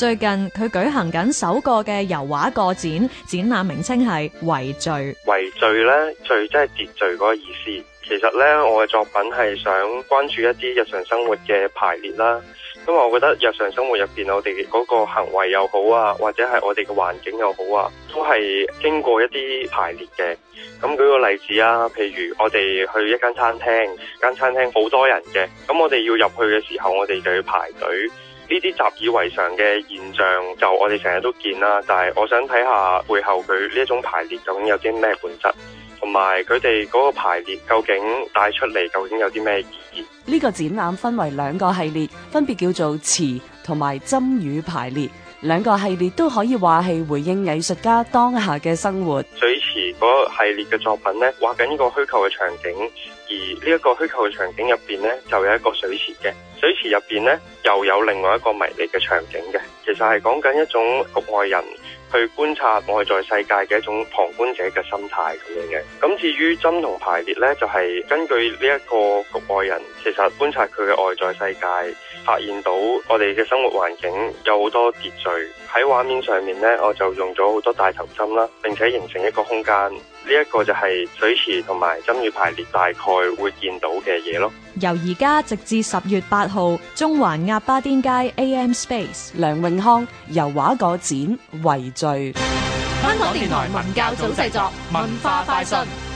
最近佢舉行緊首個嘅油畫個展，展覽名稱係「遺序」。「遺序」呢，「序」即係秩序嗰個意思。其實呢，我嘅作品係想關注一啲日常生活嘅排列啦。因為我覺得日常生活入邊，我哋嗰個行為又好啊，或者係我哋嘅環境又好啊，都係經過一啲排列嘅。咁舉個例子啊，譬如我哋去一間餐廳，間餐廳好多人嘅，咁我哋要入去嘅時候，我哋就要排隊。呢啲習以為常嘅現象就，就我哋成日都見啦。但係，我想睇下背後佢呢一種排列究竟有啲咩本質，同埋佢哋嗰個排列究竟帶出嚟究竟有啲咩意義？呢個展覽分為兩個系列，分別叫做詞同埋針語排列。兩個系列都可以話係回應藝術家當下嘅生活。水池嗰系列嘅作品咧，畫緊呢個虛構嘅場景，而呢一個虛構嘅場景入邊咧，就有一個水池嘅。水池入邊咧，又有另外一個迷離嘅場景嘅。其實係講緊一種局外人，去觀察外在世界嘅一種旁觀者嘅心態咁樣嘅。咁至於針同排列咧，就係、是、根據呢一個局外人，其實觀察佢嘅外在世界，發現到我哋嘅生活環境有好多秩序喺畫面上面咧，我就用咗好多大頭針啦，並且形成一個空間。呢、這、一個就係水池同埋針與排列大概會見到嘅嘢咯。由而家直至十月八號，中環鴨巴甸街 AM Space，梁永康油畫個展為。香港電台文教組製作，文化快訊。